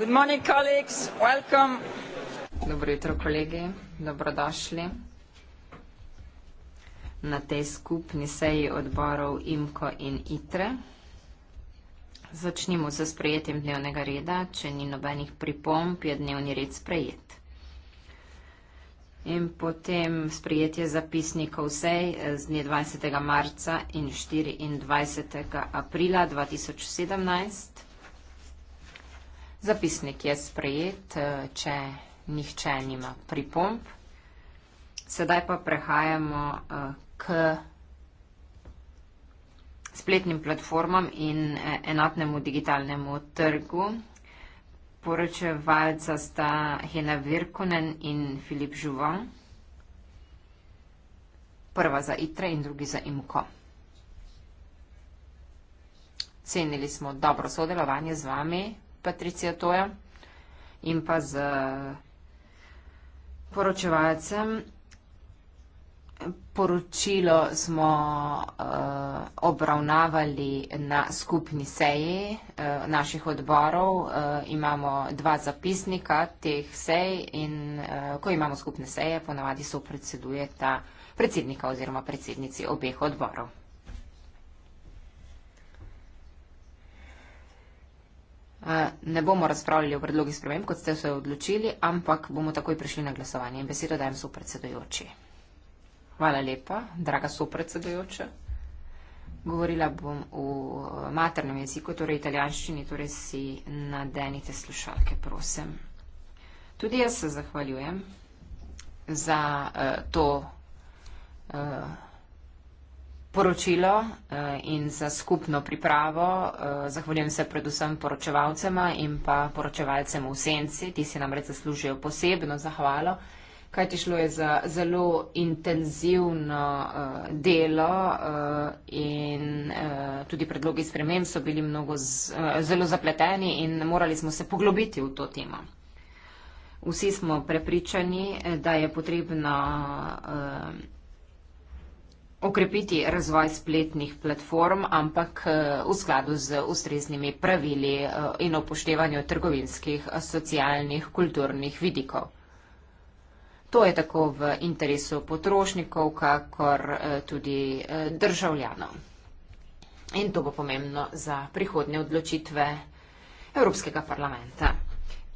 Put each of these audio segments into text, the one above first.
Good morning, colleagues. Welcome. Dobro jutro, kolegi. Dobrodošli na tej skupni seji odborov IMKO in ITRE. Začnimo z sprejetjem dnevnega reda. Če ni nobenih pripomb, je dnevni red sprejet. In potem sprejetje zapisnikov sej z dne dvajsetega marca in štiriindvajsetega aprila dva tisoč sedemnajst. Zapisnik je sprejet, eh, če nihče nima pripomp. Sedaj pa prehajamo eh, k spletnim platformam in eh, enotnemu digitalnemu trgu. Poročevalca sta Hena Virkonen in Filip Žuvan. Prva za ITRE in drugi za IMKO. Cenili smo dobro sodelovanje z vami. Patricija Toja in pa z poročevalcem. Poročilo smo uh, obravnavali na skupni seji uh, naših odborov. Uh, imamo dva zapisnika teh sej in uh, ko imamo skupne seje, ponavadi so predsedujeta predsednika oziroma predsednici obeh odborov. Eh, ne bomo razpravljali o predlogih sprememb, kot ste se odločili, ampak bomo takoj prišli na glasovanje. In besedo dajem so predsedojoči. Hvala lepa, draga so predsedojoča. Govorila bom v eh, maternem jeziku, torej italijanščini, torej si nadenite slušalke, prosim. Tudi jaz se zahvaljujem za uh, to. Uh, poročilo eh, in za skupno pripravo. Eh, zahvaljujem se predvsem poročevalcema in pa poročevalcem v senci. Ti si namreč zaslužijo posebno zahvalo, kaj ti šlo je za zelo intenzivno eh, delo in tudi predlogi sprememb so bili mnogo zelo zapleteni in morali smo se poglobiti v to temo. Vsi smo prepričani, da je potrebno okrepiti razvoj spletnih platform, ampak eh, v skladu z ustreznimi pravili eh, in upoštevanju trgovinskih, socialnih, kulturnih vidikov. To je tako v interesu potrošnikov, kakor eh, tudi državljanov. In to bo pomembno za prihodnje odločitve Evropskega parlamenta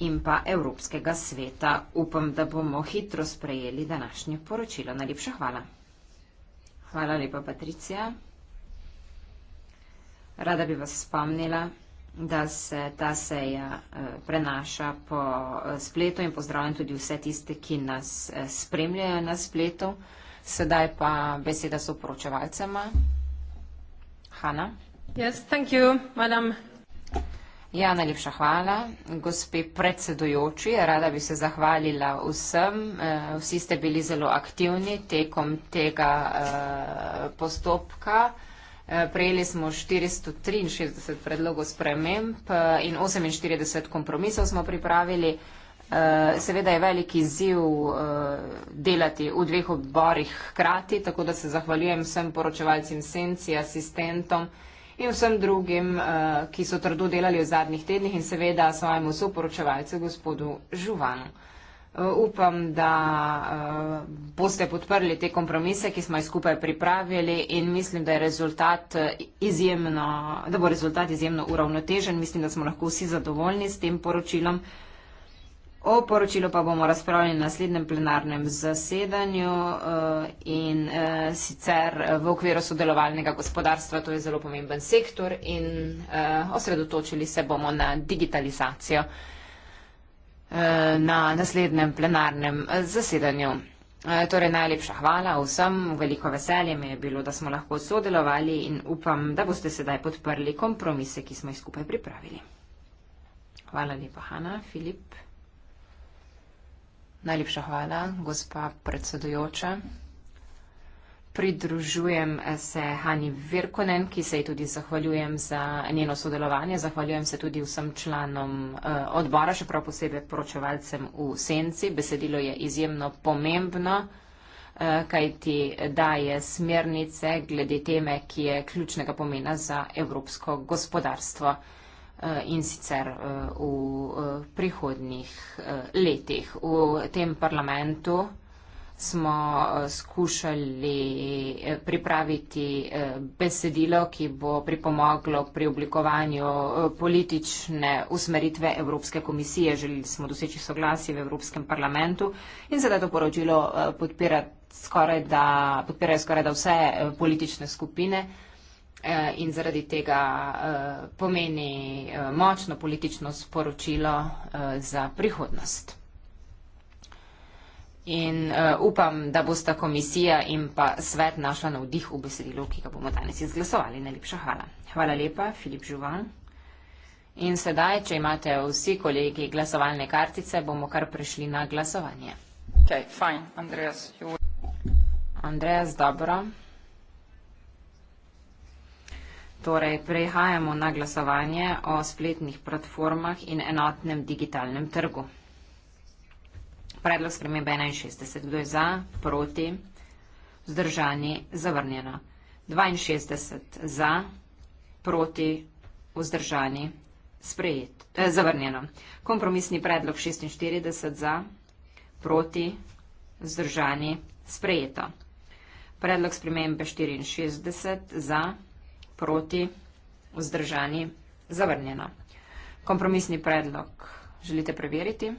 in pa Evropskega sveta. Upam, da bomo hitro sprejeli današnje poročilo. Najlepša hvala. Hvala lepa, Patricija. Rada bi vas spomnila, da se ta seja eh, prenaša po eh, spletu in pozdravljam tudi vse tiste, ki nas eh, spremljajo na spletu. Sedaj pa beseda so poročevalcema. Hanna. Yes, thank you, madam. Ja, najlepša hvala, gospe predsedujoči. Rada bi se zahvalila vsem. Eh, vsi ste bili zelo aktivni tekom tega eh, postopka. Eh, prejeli smo 463 predlogov sprememb in 48 kompromisov smo pripravili. Seveda je veliki ziv delati v dveh odborih hkrati, tako da se zahvaljujem vsem poročevalcem senci, asistentom, in vsem drugim, eh, ki so trdo delali v zadnjih tednih in seveda svojemu soporočevalcu, gospodu Žuvanu. Eh, upam, da eh, boste podprli te kompromise, ki smo jih skupaj pripravili in mislim, da, izjemno, da bo rezultat izjemno uravnotežen. Mislim, da smo lahko vsi zadovoljni s tem poročilom. O poročilu pa bomo razpravljali na naslednjem plenarnem zasedanju eh, in eh, sicer eh, v okviru sodelovalnega gospodarstva, to je zelo pomemben sektor in osredotočili se bomo na digitalizacijo na naslednjem plenarnem zasedanju. Torej, najlepša hvala vsem, veliko veselje mi je bilo, da smo lahko sodelovali in upam, da boste sedaj podprli kompromise, ki smo jih skupaj pripravili. Hvala lepa, Hanna, Filip. Najlepša hvala, gospa predsedujoča. Pridružujem se Hani Virkonen, ki se ji tudi zahvaljujem za njeno sodelovanje. Zahvaljujem se tudi vsem članom eh, odbora, še prav posebej poročevalcem v senci. Besedilo je izjemno pomembno, eh, kaj ti daje smernice glede teme, ki je ključnega pomena za evropsko gospodarstvo. Eh, in sicer eh, v eh, prihodnih letih. V tem parlamentu smo skušali pripraviti besedilo, ki bo pripomoglo pri oblikovanju politične usmeritve Evropske komisije. Želili smo doseči soglasje v Evropskem parlamentu in sedaj to poročilo podpirajo skoraj da vse politične skupine. Eh, in zaradi tega eh, pomeni eh, močno politično sporočilo za prihodnost. In upam, da bosta komisija in pa svet našla na vdih v besedilu, ki ga bomo danes izglasovali. Najlepša hvala. Hvala lepa, Filip Žuvan. In sedaj, če imate vsi kolegi glasovalne kartice, bomo kar prešli na glasovanje. Ok, fajn. Andreas, you... Andreas, dobro. Andreas, dobro. Torej, prehajamo na glasovanje o spletnih platformah in enotnem digitalnem trgu. Predlog spremembe 61. Kdo je za? Proti? Vzdržani? Zavrnjeno. 62 za, proti, vzdržani, sprejet, eh, zavrnjeno. Kompromisni predlog 46 za, proti, vzdržani, sprejeto. Predlog spremembe 64 za proti, vzdržani, zavrnjeno. Kompromisni predlog želite preveriti?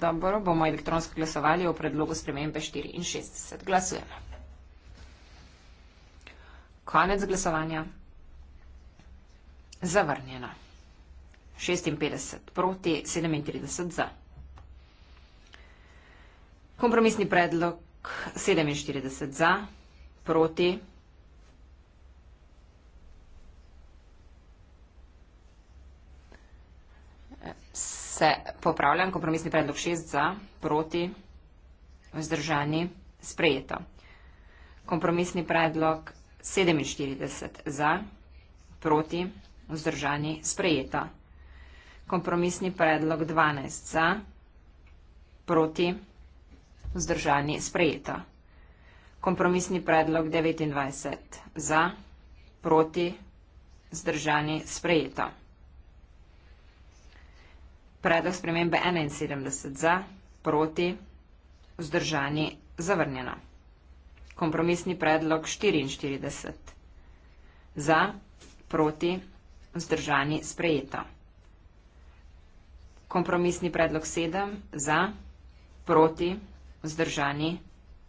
Dobro, bomo elektronsko glasovali o predlogu spremembe 64. Glasujemo. Konec glasovanja. Zavrnjeno. 56 proti, 37 za. Kompromisni predlog 47 za, proti 37. se popravljam, kompromisni predlog 6 za, proti, vzdržani, sprejeto. Kompromisni predlog 47 za, proti, vzdržani, sprejeto. Kompromisni predlog 12 za, proti, vzdržani, sprejeto. Kompromisni predlog 29 za, proti, vzdržani, sprejeto. Predlog spremembe 71 za, proti, vzdržani, zavrnjeno. Kompromisni predlog 44 za, proti, vzdržani, sprejeto. Kompromisni predlog 7 za, proti, vzdržani,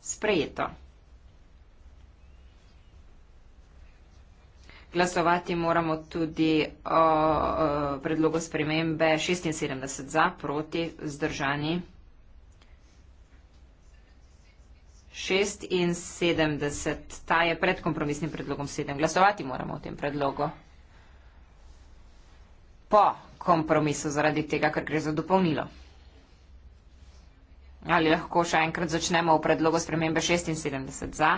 sprejeto. glasovati moramo tudi o, o predlogu spremembe 76 za, proti, vzdržani. 76, ta je pred kompromisnim predlogom 7. Glasovati moramo o tem predlogu. Po kompromisu zaradi tega, ker gre za dopolnilo. Ali lahko še enkrat začnemo v predlogu spremembe 76 za,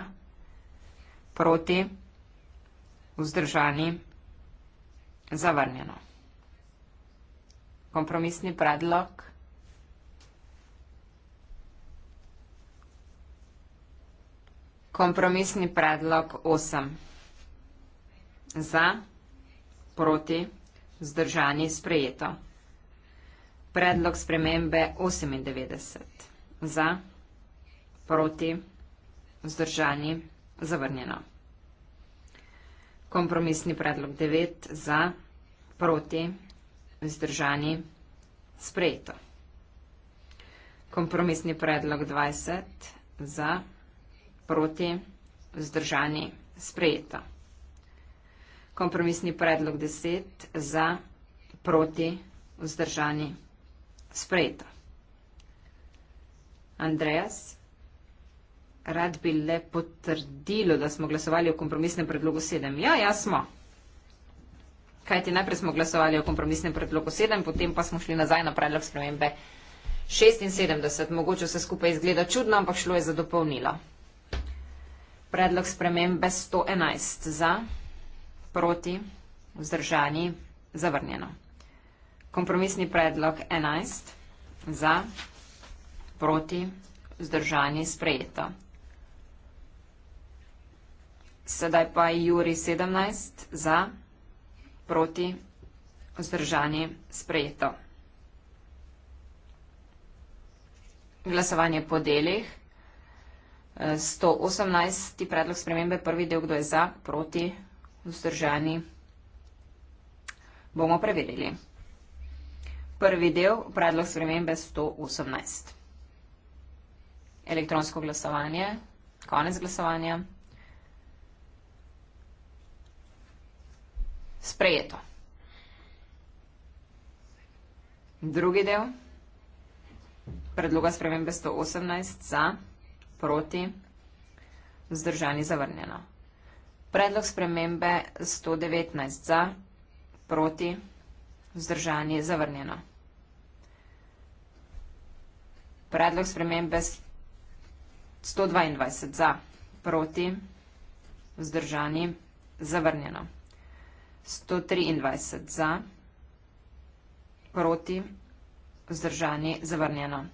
proti, vzdržani vzdržani, zavrnjeno. Kompromisni predlog. Kompromisni predlog 8. Za, proti, vzdržani, sprejeto. Predlog spremembe 98. Za, proti, vzdržani, zavrnjeno. Kompromisni predlog 9 za, proti, vzdržani, sprejeto. Kompromisni predlog 20 za, proti, vzdržani, sprejeto. Kompromisni predlog 10 za, proti, vzdržani, sprejeto. Andreas rad bi le potrdilo, da smo glasovali o kompromisnem predlogu 7. Ja, ja smo. Kajti najprej smo glasovali o kompromisnem predlogu 7, potem pa smo šli nazaj na predlog spremembe 76. Mogoče vse skupaj izgleda čudno, ampak šlo je za dopolnilo. Predlog spremembe 111 za, proti, vzdržani, zavrnjeno. Kompromisni predlog 11 za, proti, vzdržani, sprejeto. Sedaj pa Juri 17 za, proti, vzdržanje sprejeto. Glasovanje po delih. 118. Eh, predlog spremembe, prvi del, kdo je za, proti, vzdržani, bomo preverili. Prvi del, predlog spremembe 118. Elektronsko glasovanje, konec glasovanja. Sprejeto. Drugi del. Predloga spremembe 118 za, proti, vzdržani zavrnjeno. Predlog spremembe 119 za, proti, vzdržani zavrnjeno. Predlog spremembe 122 za, proti, vzdržani zavrnjeno. 123 za, proti, vzdržani, zavrnjeno.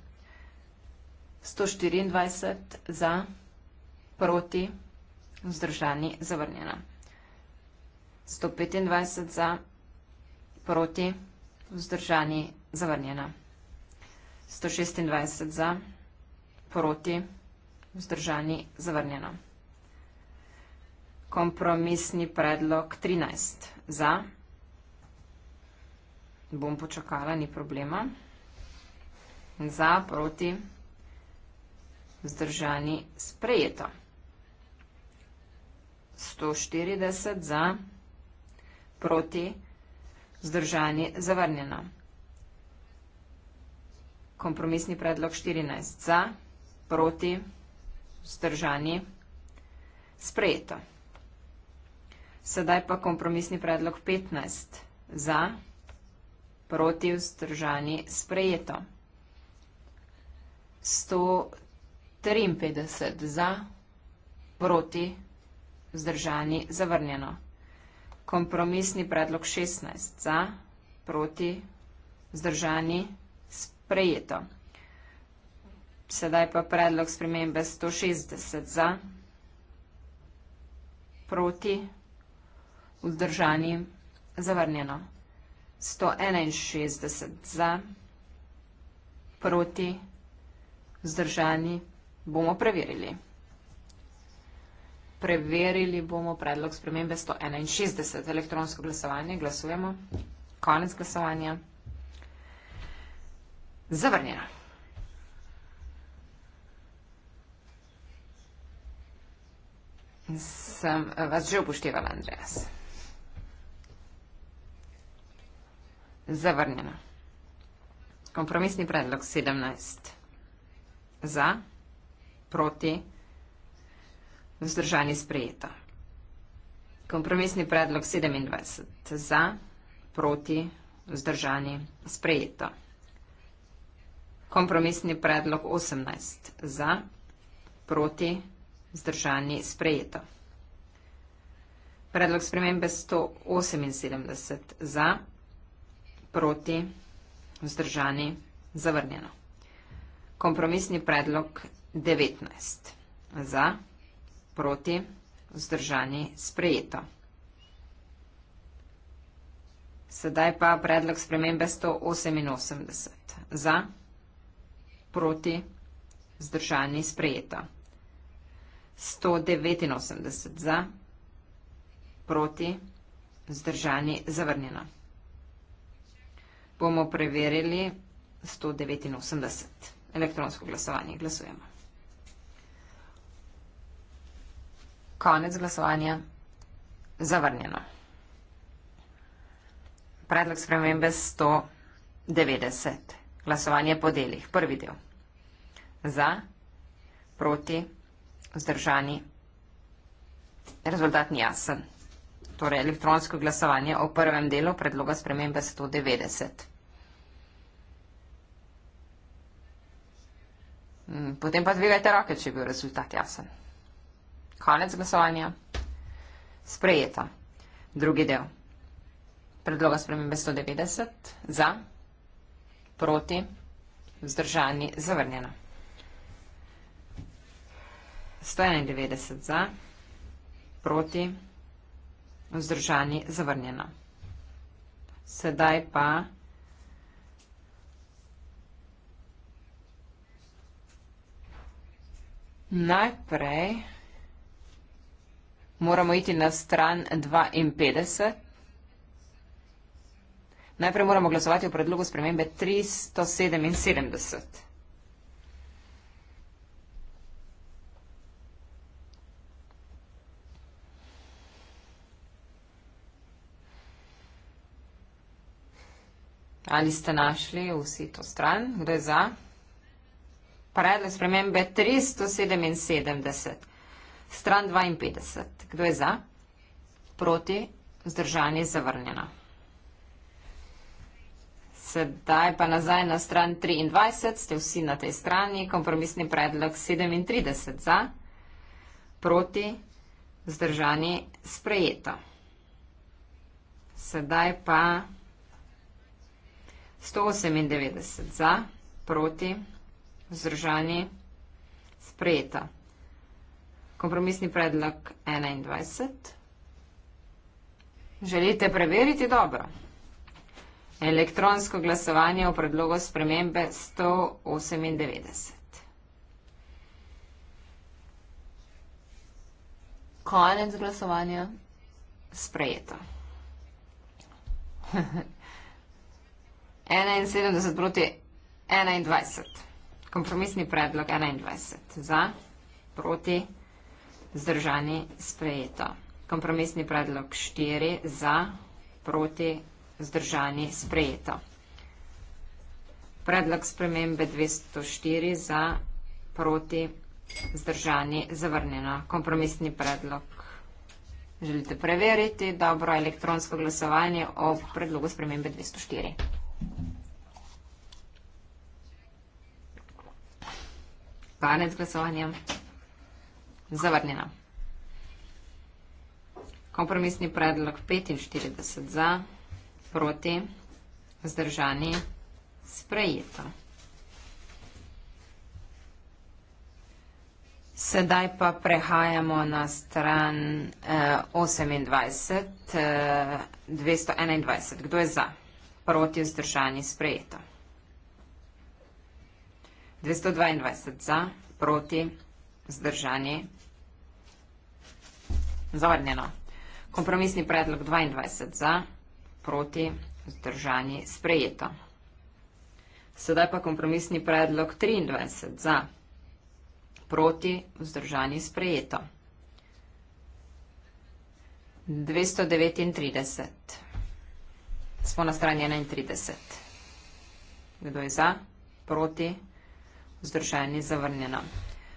124 za, proti, vzdržani, zavrnjeno. 125 za, proti, vzdržani, zavrnjeno. 126 za, proti, vzdržani, zavrnjeno. 127 za, proti, vzdržani, zavrnjeno kompromisni predlog 13. Za. Bom počakala, ni problema. Za, proti, vzdržani, sprejeto. 140 za, proti, vzdržani, zavrnjeno. Kompromisni predlog 14 za, proti, vzdržani, sprejeto. Sedaj pa kompromisni predlog 15. Za, proti, vzdržani, sprejeto. 153 za, proti, vzdržani, zavrnjeno. Kompromisni predlog 16. Za, proti, vzdržani, sprejeto. Sedaj pa predlog spremembe 160 za, proti, vzdržani, sprejeto vzdržani, zavrnjeno. 161 za, proti, vzdržani, bomo preverili. Preverili bomo predlog spremembe 161, elektronsko glasovanje, glasujemo, konec glasovanja, zavrnjeno. Sem vas že upoštevala, Andreas. Zavrnjeno. Kompromisni predlog 17. Za, proti, vzdržani sprejeto. Kompromisni predlog 27. Za, proti, vzdržani sprejeto. Kompromisni predlog 18. Za, proti, vzdržani sprejeto. Predlog spremembe 178. Za, proti, vzdržani sprejeto proti, vzdržani, zavrnjeno. Kompromisni predlog 19. Za, proti, vzdržani, sprejeto. Sedaj pa predlog spremembe 188. Za, proti, vzdržani, sprejeto. 189 za, proti, vzdržani, zavrnjeno bomo preverili 189 elektronsko glasovanje. Glasujemo. Konec glasovanja. Zavrnjeno. Predlog spremembe 190. Glasovanje po delih. Prvi del. Za, proti, vzdržani. Rezultat ni jasen torej elektronsko glasovanje o prvem delu predloga spremembe 190. Mm, potem pa dvigajte roke, če je bil rezultat jasen. Konec glasovanja. Sprejeta. Drugi del. Predloga spremembe 190. Za. Proti. Vzdržani. Zavrnjena. 191 za. Proti. Vzdržani vzdržani zavrnjeno. Sedaj pa najprej moramo iti na stran 52. Najprej moramo glasovati o predlogu spremembe 377. Ali ste našli vsi to stran? Kdo je za? Predlog spremembe 377. Stran 52. Kdo je za? Proti. Zdržanje zavrnjeno. Sedaj pa nazaj na stran 23. Ste vsi na tej strani. Kompromisni predlog 37. Za. Proti. Zdržanje sprejeto. Sedaj pa. 198 za, proti, vzdržani, sprejeta. Kompromisni predlog 21. Želite preveriti dobro? Elektronsko glasovanje v predlogu spremembe 198. Konec glasovanja. Sprejeto. 71 proti 21. Kompromisni predlog 21 za, proti, zdržani, sprejeto. Kompromisni predlog 4 za, proti, zdržani, sprejeto. Predlog spremembe 204 za, proti, zdržani, zavrnjeno. Kompromisni predlog želite preveriti. Dobro elektronsko glasovanje o predlogu spremembe 204. Spanec glasovanjem. Zavrnjeno. Kompromisni predlog 45 za, proti, vzdržani, sprejeto. Sedaj pa prehajamo na stran 28, eh, 221. Eh, Kdo je za, proti, vzdržani, sprejeto? 221. 222 za, proti, vzdržani, zavrnjeno. Kompromisni predlog 22 za, proti, vzdržani, sprejeto. Sedaj pa kompromisni predlog 23 za, proti, vzdržani, sprejeto. 239. Smo na strani 31. Kdo je za? Proti? vzdržani zavrnjeno.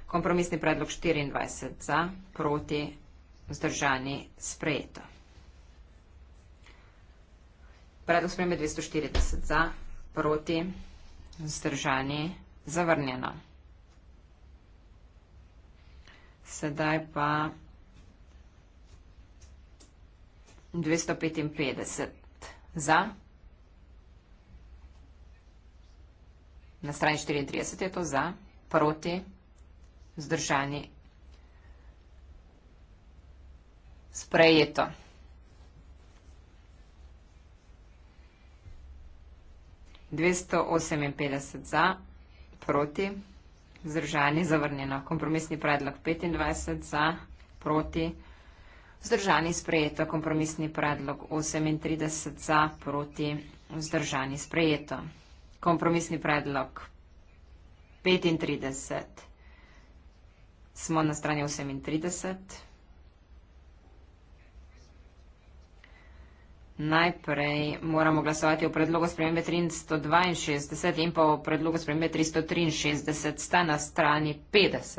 Kompromisni predlog 24 za, proti vzdržani sprejeto. Predlog spremembe 240 za, proti vzdržani zavrnjeno. Sedaj pa 255 za. Na strani 34 je to za, proti, zdržani, sprejeto. Dvesto osem in petdeset za, proti, zdržani, zavrnjeno. Kompromisni predlog petindvajset za, proti, vzdržani, sprejeto. Kompromisni predlog osem in trideset za, proti, vzdržani, sprejeto kompromisni predlog 35. Smo na strani 38. Najprej moramo glasovati o predlogu spremembe 362 in pa o predlogu spremembe 363 sta na strani 50.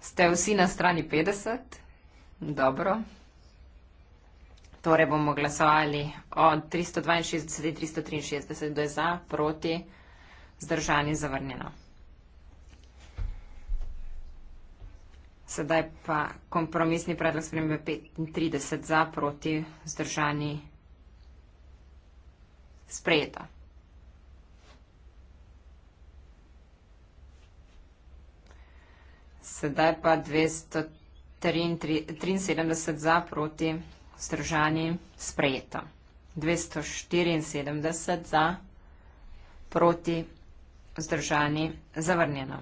Ste vsi na strani 50? Dobro. Torej bomo glasovali o 362 in 363, kdo je za, proti, zdržan in zavrnjeno. Sedaj pa kompromisni predlog spremembe 35 za, proti, zdržani, sprejeto. Sedaj pa 273 za, proti, zdržani, sprejeto vzdržani, sprejeto. 274 za, proti, vzdržani, zavrnjeno.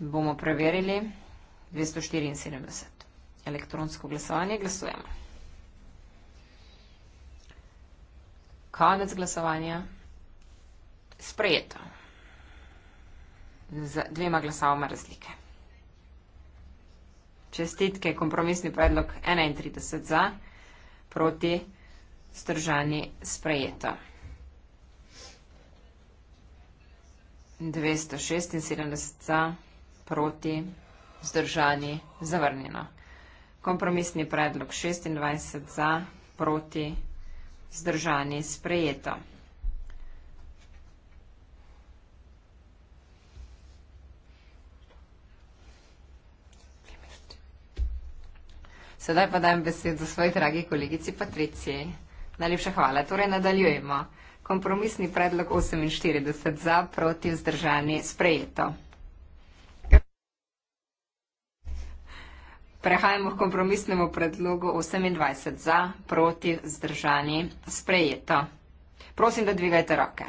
Bomo preverili 274. Elektronsko glasovanje glasujemo. Konec glasovanja, sprejeto. Z dvema glasovama razlike. Čestitke, kompromisni predlog 31 za, proti stržani sprejeto. 276 za, proti zdržani zavrnjeno. Kompromisni predlog 26 za, proti zdržani sprejeto. Sedaj pa dajem besedo svoji dragi kolegici Patriciji. Najlepša hvala. Torej nadaljujemo. Kompromisni predlog 48 za proti vzdržanje sprejeto. Prehajamo k kompromisnemu predlogu 28 za proti vzdržanje sprejeto. Prosim, da dvigajte roke.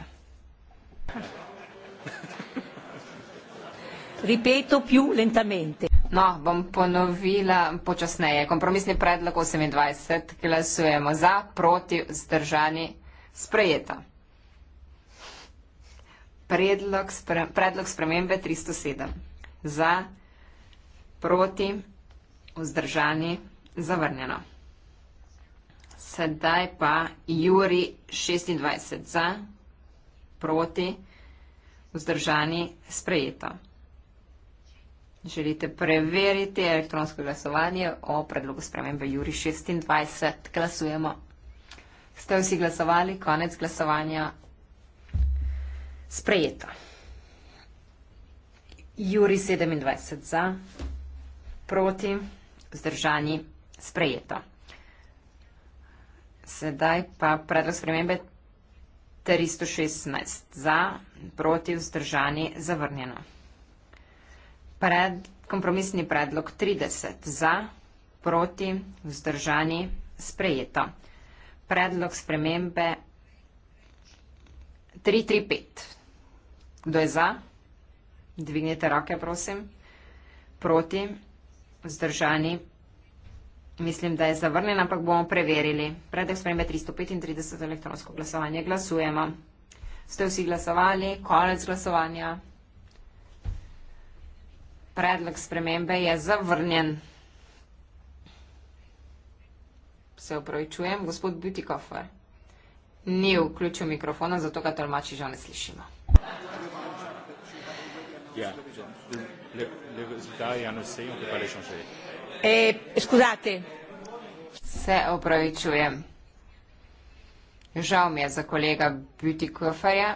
Ripeto più lentamente. No, bom ponovila počasneje. Kompromisni predlog 28, glasujemo za, proti, zdržani, sprejeta. Predlog, spre, predlog spremembe 307. Za, proti, vzdržani, zavrnjeno. Sedaj pa Juri 26. Za, proti, vzdržani, sprejeto. Želite preveriti elektronsko glasovanje o predlogu spremembe Juri 26? Glasujemo. Ste vsi glasovali? Konec glasovanja. Sprejeto. Juri 27 za, proti, vzdržani, sprejeto. Sedaj pa predlog spremembe 316 za, proti, vzdržani, zavrnjeno pred, kompromisni predlog 30 za, proti, vzdržani, sprejeto. Predlog spremembe 335. Kdo je za? Dvignite roke, prosim. Proti, vzdržani. Mislim, da je zavrnjen, ampak bomo preverili. Predlog spremembe 335 elektronsko glasovanje. Glasujemo. Ste vsi glasovali? Konec glasovanja. Predlog spremembe je zavrnjen. Se upravičujem, gospod Butikofer. Ni vključil mikrofona, zato ga tolmači že ne slišimo. Ja. Ja, no, e, Se upravičujem. Žal mi je za kolega Butikoferja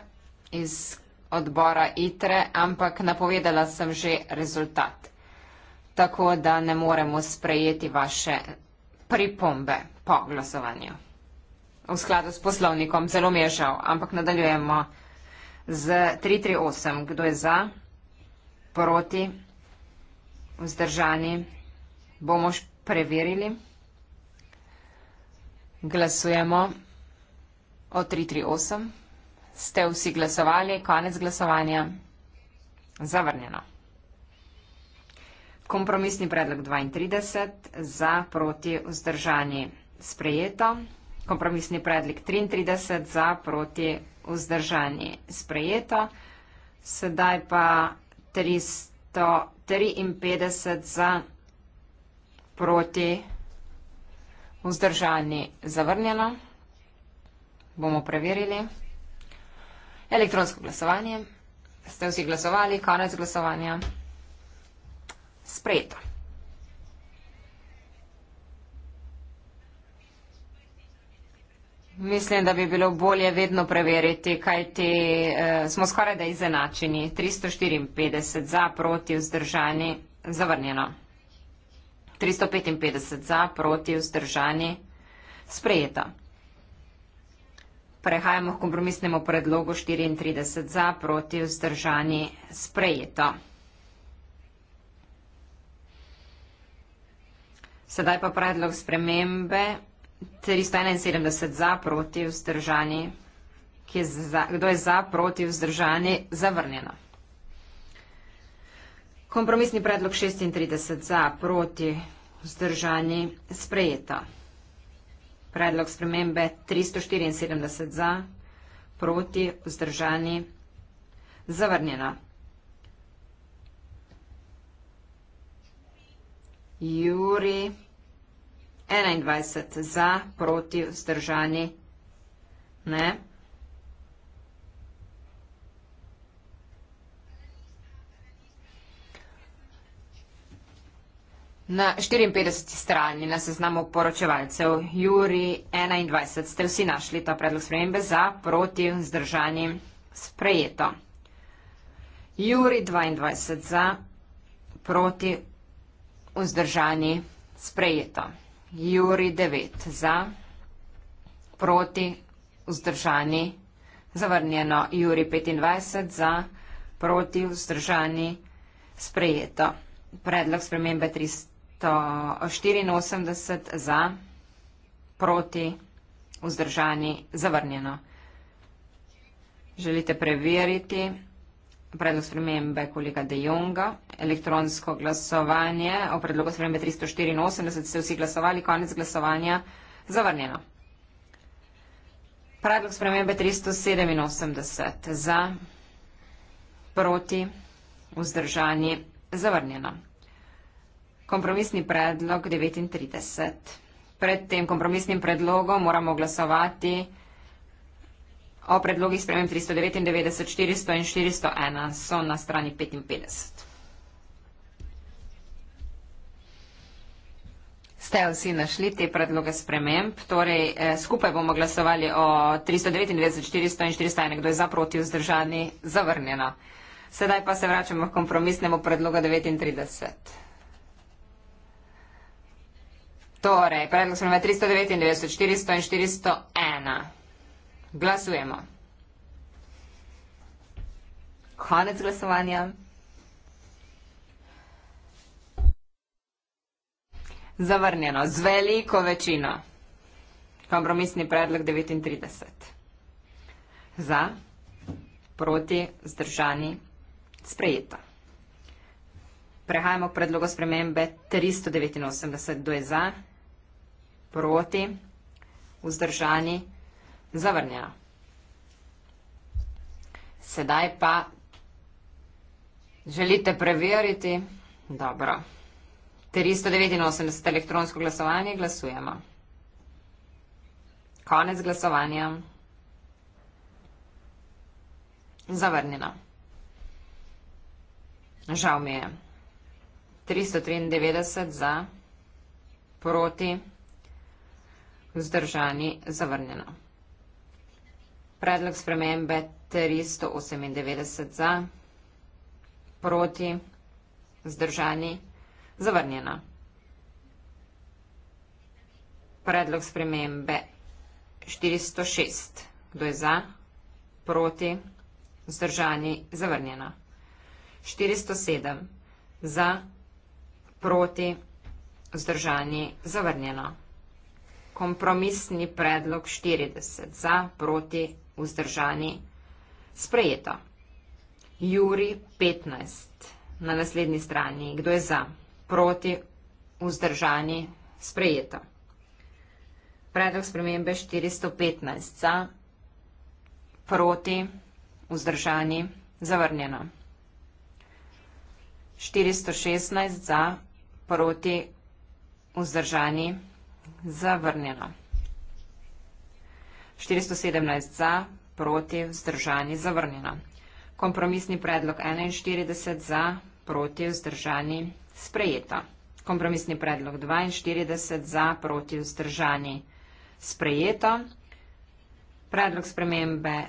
iz odbora ITRE, ampak napovedala sem že rezultat. Tako da ne moremo sprejeti vaše pripombe po glasovanju. V skladu s poslovnikom, zelo mi je žal, ampak nadaljujemo z 338. Kdo je za, proti, vzdržani, bomo preverili. Glasujemo o 338. Ste vsi glasovali? Konec glasovanja? Zavrnjeno. Kompromisni predlog 32 za proti vzdržani sprejeto. Kompromisni predlog 33 za proti vzdržani sprejeto. Sedaj pa 353 za proti vzdržani zavrnjeno. Bomo preverili. Elektronsko glasovanje. Ste vsi glasovali, konec glasovanja. Sprejeto. Mislim, da bi bilo bolje vedno preveriti, kaj ti eh, smo skoraj da izenačeni. 354 za, proti, vzdržani, zavrnjeno. 355 za, proti, vzdržani, sprejeto. Prehajamo k kompromisnemu predlogu 34 za proti vzdržani sprejeto. Sedaj pa predlog spremembe 371 za proti vzdržani, ki je za, kdo je za proti vzdržani zavrnjeno. Kompromisni predlog 36 za proti vzdržani sprejeto. Predlog spremembe 374 za, proti, vzdržani, zavrnjena. Juri, 21 za, proti, vzdržani, ne. Ne. Na 54. strani na seznamu poročevalcev Juri 21 ste vsi našli ta predlog spremembe za proti vzdržani sprejeto. Juri 22 za proti vzdržani sprejeto. Juri 9 za proti vzdržani zavrnjeno. Juri 25 za proti vzdržani sprejeto. Predlog spremembe 300. 84 za, proti, vzdržani, zavrnjeno. Želite preveriti predlog spremembe kolega De Jonga, elektronsko glasovanje o predlogu spremembe 384, ste vsi glasovali, konec glasovanja, zavrnjeno. Predlog spremembe 387 za, proti, vzdržani, zavrnjeno. Kompromisni predlog 39. Pred tem kompromisnim predlogom moramo glasovati o predlogih spremem 399, 400 in 401 so na strani 55. Ste vsi našli te predloge sprememb, torej eh, skupaj bomo glasovali o 399, 400 in 401, kdo je za proti vzdržani, zavrnjeno. Sedaj pa se vračamo v kompromisnemu predlogu 39. Torej, predlog sem 399, 400 in 401. Glasujemo. Konec glasovanja. Zavrnjeno z veliko večino. Kompromisni predlog 39. Za, proti, zdržani, sprejeto. Prehajamo k predlogu spremembe 389. Kdo je za? proti, vzdržani, zavrnjeno. Sedaj pa želite preveriti? Dobro. 389 elektronsko glasovanje, glasujemo. Konec glasovanja. Zavrnjeno. Žal mi je. 393 za, proti vzdržani zavrnjeno. Predlog spremembe 398 za, proti, vzdržani, zavrnjeno. Predlog spremembe 406. Kdo je za, proti, vzdržani, zavrnjeno. 407. Za, proti, vzdržani, zavrnjeno kompromisni predlog 40 za, proti, vzdržani, sprejeto. Juri 15 na naslednji strani. Kdo je za, proti, vzdržani, sprejeto. Predlog spremembe 415 za, proti, vzdržani, zavrnjeno. 416 za, proti, vzdržani, zavrnjeno. Zavrnjeno. 417 za, proti, vzdržani, zavrnjeno. Kompromisni predlog 41 za, proti, vzdržani, sprejeto. Kompromisni predlog 42 za, proti, vzdržani, sprejeto. Predlog spremembe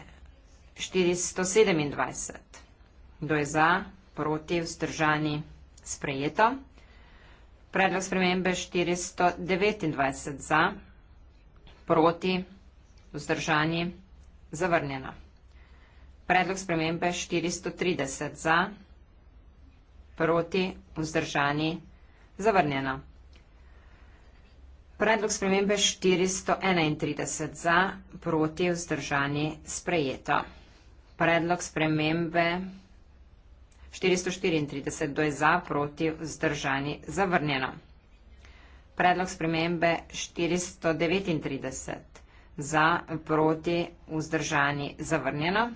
427. Kdo je za, proti, vzdržani, sprejeto. Predlog spremembe 429 za, proti, vzdržani, zavrnjena. Predlog spremembe 430 za, proti, vzdržani, zavrnjena. Predlog spremembe 431 za, proti, vzdržani, sprejeta. Predlog spremembe 431 za, proti, vzdržani, sprejeta. 434, kdo je za, proti, vzdržani, zavrnjeno. Predlog spremembe 439, za, proti, vzdržani, zavrnjeno.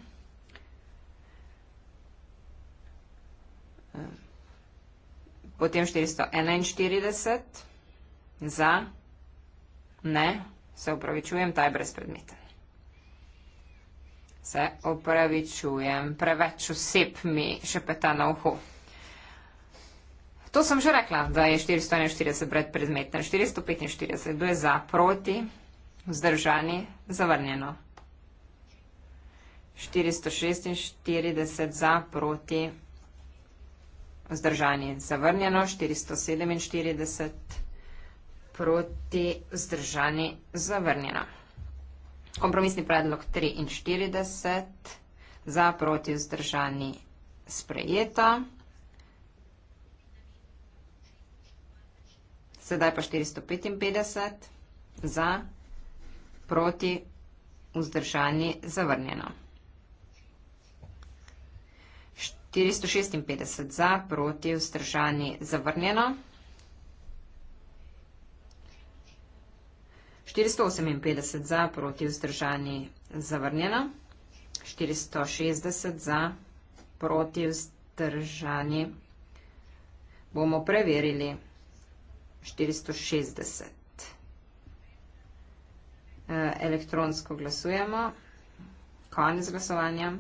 Potem 441, za, ne, se upravičujem, ta je brez predmeta se opravičujem, preveč oseb mi šepeta na uhu. To sem že rekla, da je 441 brez predmetna, 445 bil je za, proti, vzdržani, zavrnjeno. 446 za, proti, vzdržani, zavrnjeno. 447 proti, vzdržani, zavrnjeno. Kompromisni predlog 43 za proti vzdržani sprejeta. Sedaj pa 455 za proti vzdržani zavrnjeno. 456 za proti vzdržani zavrnjeno. 458 za, proti vzdržani zavrnjeno. 460 za, proti vzdržani. Bomo preverili 460. E, elektronsko glasujemo. Konec glasovanja.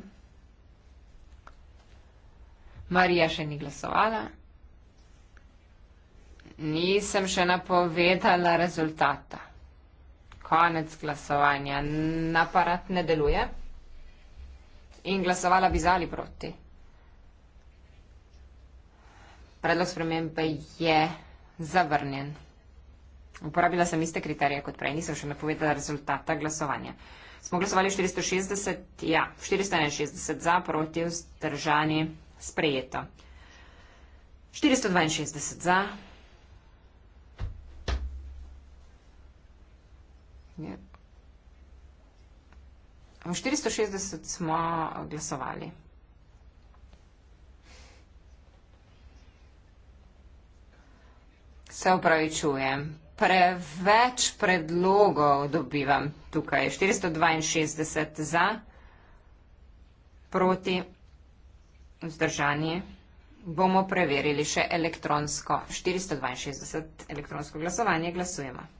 Marija še ni glasovala. Nisem še napovedala rezultata konec glasovanja. Naparat ne deluje. In glasovala bi za ali proti. Predlog spremembe je zavrnjen. Uporabila sem iste kriterije kot prej, nisem še napovedala rezultata glasovanja. Smo glasovali 460, ja, 461 za, proti, vzdržani, sprejeto. 462 za. je. V 460 smo glasovali. Se upravičujem. Preveč predlogov dobivam tukaj. 462 za, proti, vzdržani. Bomo preverili še elektronsko. 462 elektronsko glasovanje. Glasujemo.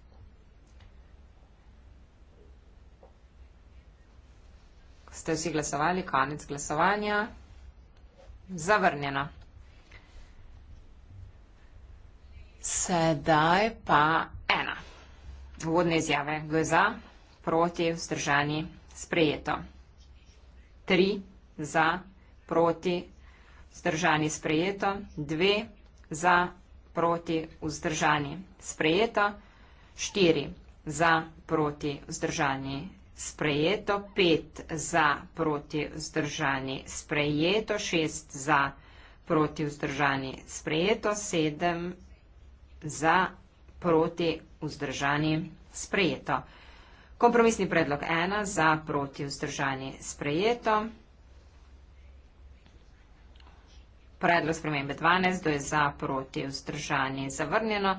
Ste vsi glasovali? Konec glasovanja. Zavrnjeno. Sedaj pa ena. Vodne izjave. Gve za, proti, vzdržani, sprejeto. Tri za, proti, vzdržani, sprejeto. Dve za, proti, vzdržani, sprejeto. Štiri za, proti, vzdržani, sprejeto, pet za, proti vzdržani, sprejeto, šest za, proti vzdržani, sprejeto, sedem za, proti vzdržani, sprejeto. Kompromisni predlog ena za, proti vzdržani, sprejeto. Predlog spremembe 12, do je za, proti, vzdržani, zavrnjeno.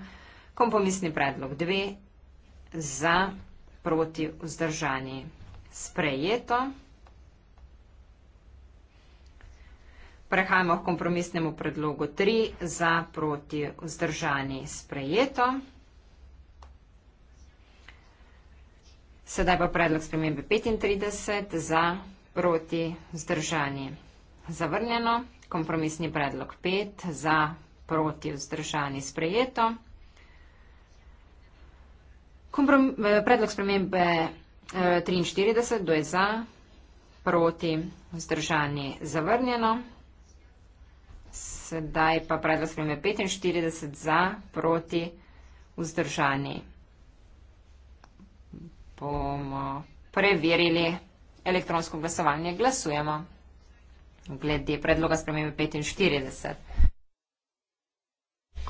Kompromisni predlog 2, za, proti, vzdržani proti vzdržani. Sprejeto. Prehajamo k kompromisnemu predlogu 3 za proti vzdržani. Sprejeto. Sedaj pa predlog spremembe 35 za proti vzdržani. Zavrnjeno. Kompromisni predlog 5 za proti vzdržani. Sprejeto. Sprejeto. Komprom, eh, predlog spremembe 43, eh, do je za, proti, vzdržani, zavrnjeno. Sedaj pa predlog spremembe 45, za, proti, vzdržani. Bomo preverili elektronsko glasovanje. Glasujemo glede predloga spremembe 45.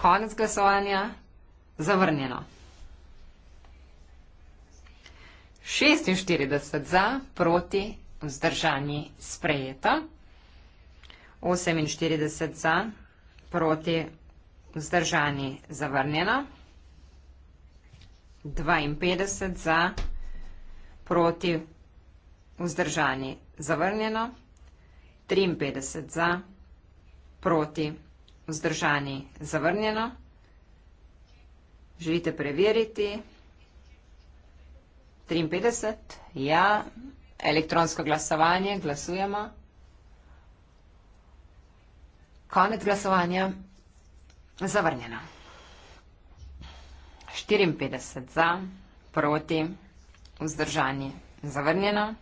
Konec glasovanja, zavrnjeno. 46 za, proti, vzdržani, sprejeto. 48 za, proti, vzdržani, zavrnjeno. 52 za, proti, vzdržani, zavrnjeno. 53 za, proti, vzdržani, zavrnjeno. Želite preveriti? 53, ja, elektronsko glasovanje, glasujemo. Konec glasovanja, zavrnjeno. 54 za, proti, vzdržani, zavrnjeno.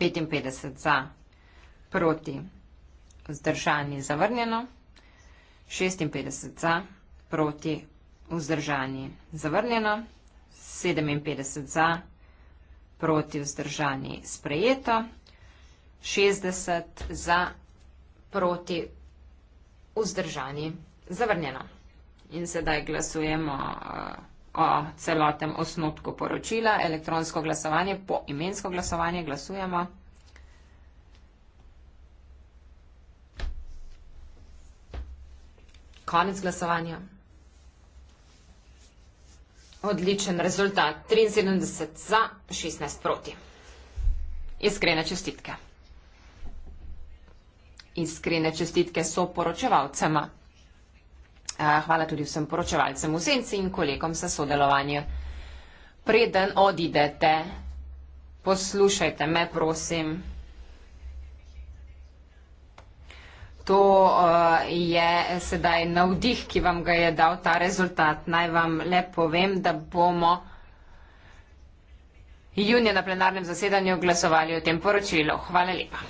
55 za, proti, vzdržani, zavrnjeno. 56 za, proti, vzdržani, zavrnjeno. 56 za, proti, vzdržani, zavrnjeno. 57 za, proti vzdržani sprejeto, 60 za, proti vzdržani zavrnjeno. In sedaj glasujemo eh, o celotem osnotku poročila, elektronsko glasovanje, po imensko glasovanje glasujemo. Konec glasovanja. Odličen rezultat. 73 za, 16 proti. Iskrene čestitke. Iskrene čestitke so poročevalcema. Hvala tudi vsem poročevalcem v senci in kolegom sa sodelovanje. Preden odidete, poslušajte me, prosim. Hvala. To uh, je sedaj navdih, ki vam ga je dal ta rezultat. Naj vam le povem, da bomo junija na plenarnem zasedanju glasovali o tem poročilu. Hvala lepa.